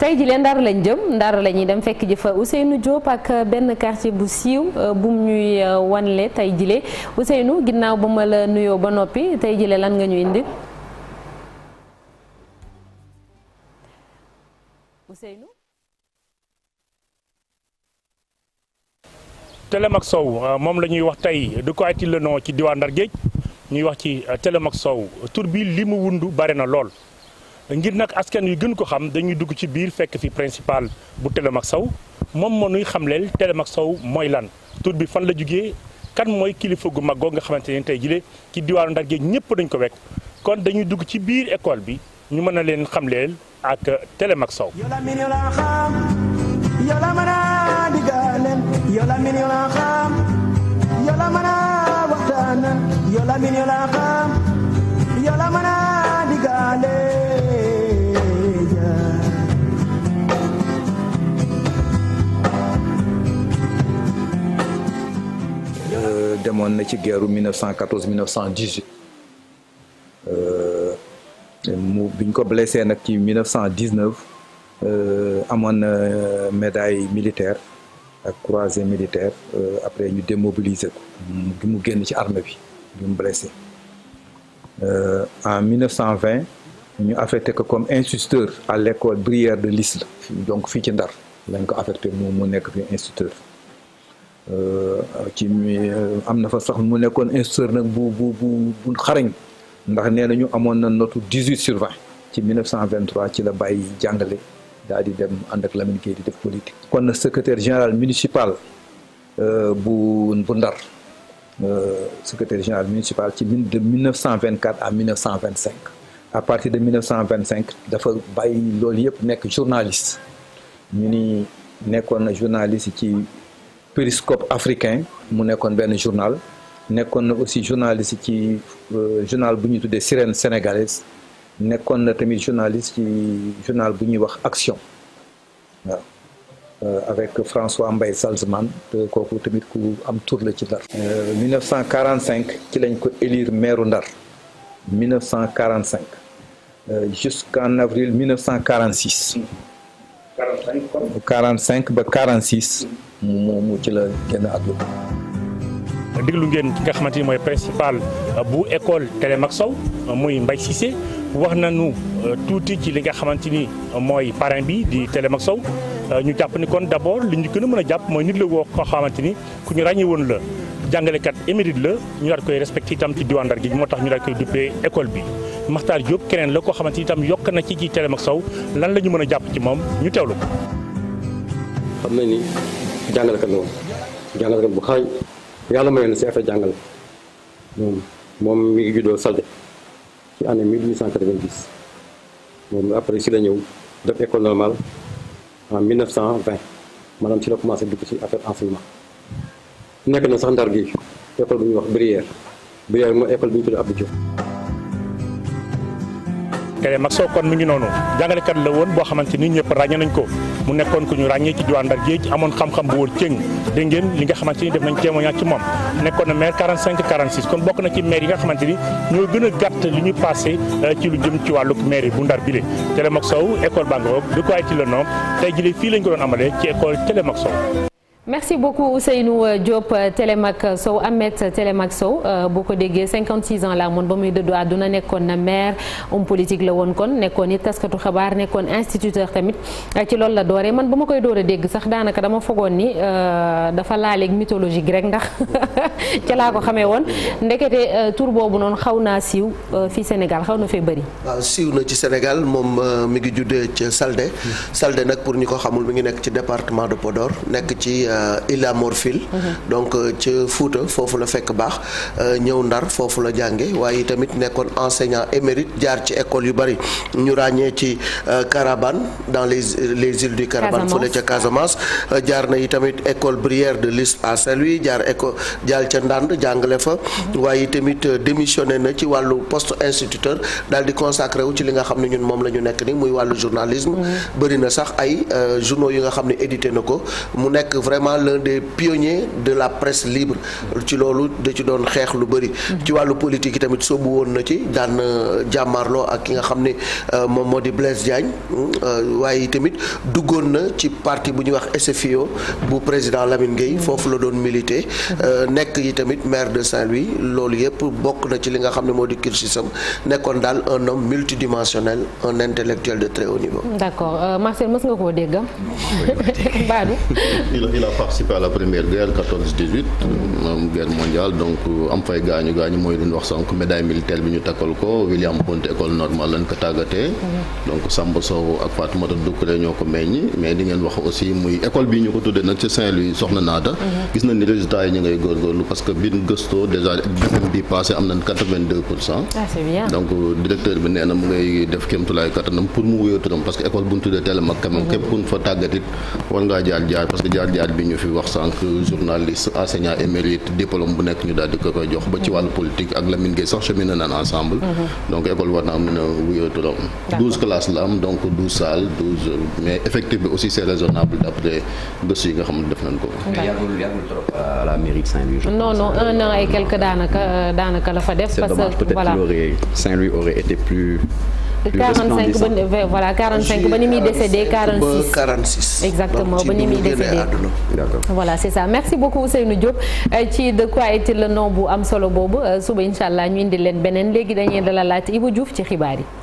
tay ji leen ndar lañ jëm ndara la ñuy dem fekk ji fa Ousseynou Diop benn quartier bu siiw euh, bum ñuy euh, wanle tey jile Ousseynou ginnaaw ba ma la nuyoo ba noppi tey jile lan nga ñu indi Ousseynou Télémac euh, moom la ñuy wax tey du ko ayti le ci diwaan Ndar Géej ñuy wax ci Télémac Sow tur bi li mu wundu bare na lool ngir nag askan yu gën ko xam dañuy dugg ci biir fekk fi principal bu Télémaque saw moom moo nuy xamleel telemax Sow mooy lan tur bi fan la jógee kan mooy kilifa gu mag nga xamante ne tey jile ci diwaanu Ndar géej ñëpp dañ ko wekk kon dañuy dugg ci biir école bi ñu mën a leen xamleel ak Télémaque Sow demoon na ci guerru 1914 1918 mu biñ ko blessé nag ci 1919 euh, amoon na médaille militaire ak croisée militaire euh, après ñu démobiliser ko bi mu génn ci armée bi bi mu blessé euh, en 1920 ñu affecté ko comme instituteur à l'école Brière de l'Isle donc fii ci Ndar lañ ko affecté mu mu nekk fi instituteur Euh, ci euh, am na fa sax mu nekkoon instituteur nag bu bu bu bu xarañ ndax nee nañu amoon na notu dix-huit sur vingt ci 1923 ci la bàyyi jàngale daal di dem ànd ak Lamine Gueye di def politique. kon na secrétaire général municipal euh, bu bu Ndar secrétaire général municipal ci de 1924 à 1925 à partir de 1925 dafa bàyyi loolu yëpp nekk journaliste ñu ni nekkoon na journaliste ci. Périscope africain mu nekkoon benn journal nekkoon na aussi journaliste ci euh, journal bu ñuy tuddee Sirène sénégalaise nekkoon na tamit journaliste ci journal bu ñuy wax Action waaw euh, avec François Mbaye Salzman te kooku tamit ku am tur la ci Ndar. 1945 euh, ci lañ ko élire maire Ndar 1945 jusqu'en avril 1946. 45 ba 46. mu mu ci la génn àdduna. déglu ngeen ki nga xamante ni mooy principal bu école Télémac Sow muy Mbaye Cissé wax nañu euh, tuuti ci li nga xamante ni mooy parrain bi di Télémac Sow euh, ñu jàpp ni kon d' abord li ñu gën a mën a jàpp mooy nit la woo ko xamante ni ku ñu ràññee la jàngalekat émérite la ñu daal koy respecté itam ci diwaan Ndar gi moo tax ñu daal koy duppee école bi. Makhtar Diop keneen la koo xamante ni itam yokk na ci kii ci Télémac Sow lan la ñu mën a jàpp ci moom ñu teewlu ko. jàngalekat la woon jàngalekat bu xarañ yàlla mayoon na si affaire jàngale moom moom mi ngi juddoo Saldé ci année 1890 moom après ci la ñëw def école normale en 1920 maanaam ci la commencé dugg ci affaire enseignement nekk na sax ndar gi école bu ñuy wax Brière Brière mooy école bi ñu tuddee Abdou Kéré Maxo kon mi ngi noonu jàngalekat la woon boo xamante ni ñëpp ràññee nañ ko mu nekkoon ku ñu ràññee ci diwaan Ndar géej amoon xam-xam bu wóor cëng dégg li nga xamante ni def nañ témoignage ci moom nekkoon na maire 45 46 kon bokk na ci maire yi nga xamante ni ñoo gën gàtt li ñu passé euh, ci lu jëm ci wàllu maire bu Ndar bile Kéré Maxo école bàngoog dëkkuwaay ci la noom tey jii fii lañ ko doon amalee ci école merci beaucoup Ousseynou euh, Diop euh, Télémac Sow amet Télémac Sow euh, boo ko déggee 56 ans la amoon ba muy dëddu àdduna nekkoon na maire homme politique la woon kon nekkoon it taskatu xabaar nekkoon instituteur tamit ci loolu la dooree man ba ma koy door dégg sax daanaka dama fogoon ni dafa laaleeg mythologie grecque ndax ca laa ko xamee woon ndekete tour boobu noonu xaw naa siiw fii Sénégal xaw na fee bëri. waaw siiw na ci Sénégal moom mi ngi juddee ci Saldé hmm. Saldé nag pour ñi ko xamul mi ngi nekk ci département de Podor nekk ci. Euh, Ila Morphil mhm. donc euh, ca Fouta foofu la fekk baax euh, ñëw Ndar foofu la jànge waaye tamit nekkoon enseignant émérite jaar ci école yu bari ñu ràññee ci Carabane dans les les îles du Carabane fële ca Casamance jaar na yi tamit école Brière de Lys à Saint-Louis jaar école jaal ca Ndande jàngale fa mhm. waaye tamit démissionné na ci wàllu poste instituteur daal di consacré wu ci li nga xam ne ñun moom la ñu nekk ni muy wàllu journalisme mhm. bëri sax ay journaux yi nga xam vraiment l'un de la presse libre ci loolu da ci doon xeex lu bari ci wàllu politique yi tamit bu woon na ci daan jàmmaarloo ak ki nga xam ne euh, moom moo di Blaise Diagne euh, waaye tamit duggoon na ci parti bu ñuy wax SFIO bu président Lamine Gueye mm. foofu la doon milité euh, nekk yi tamit maire de Saint-Louis loolu yëpp bokk na ci li nga xam ne moo di cursusam nekkoon daal un homme dimensionnel un intellectuel de très haut niveau d'accord Marcel mës nga koo dégg a participé la première guerre mondiale donc euh, am fay gaañu gaañu mooy lu wax sànq médaille militaire bi ñu takkal ko William Ponty école normale lañ ko tàggatee. donc Samba Sow ak Fatoumata Doucouré ñoo ko meññ mais di ngeen wax aussi muy école bi ñu ko tuddee nag ci Saint-Louis soxna naata. gis nañ ni résultat yi ñu ngay góorgóorlu parce que bi gëstoo déjà beneen bi am nañ ah, donc euh, directeur bi nee mu ngay def kéemtulaay kattanam pour mu wuyoo turam parce bi ñu fi wax sànq journaliste enseignant émérite diplôme bu nekk ñu daal di ko koy jox. ba ci wàllu politique ak Lamine Gueye sax cheminé naan ensemble. Mm-hmm. donc école war naa mën a wuyoo douze classes la am donc douze salles douze mais effectif aussi c'est raisonnable d'après gëstu yi nga xam ne def nañ ko. yàggul euh, fa def. parce que voilà c'est peut-être Saint-Louis aurait été plus. 45 ba voilà 45 ba ni muy décédé 46 46. exactement ba ni muy décédé voilà c'est ça merci beaucoup Ousseynou Diop euh, ci de quoi est-il le nom bu am solo boobu euh, suba incha allah ñu indi leen beneen léegi dañuy dalalaat Ibou Diouf ci xibaar yi.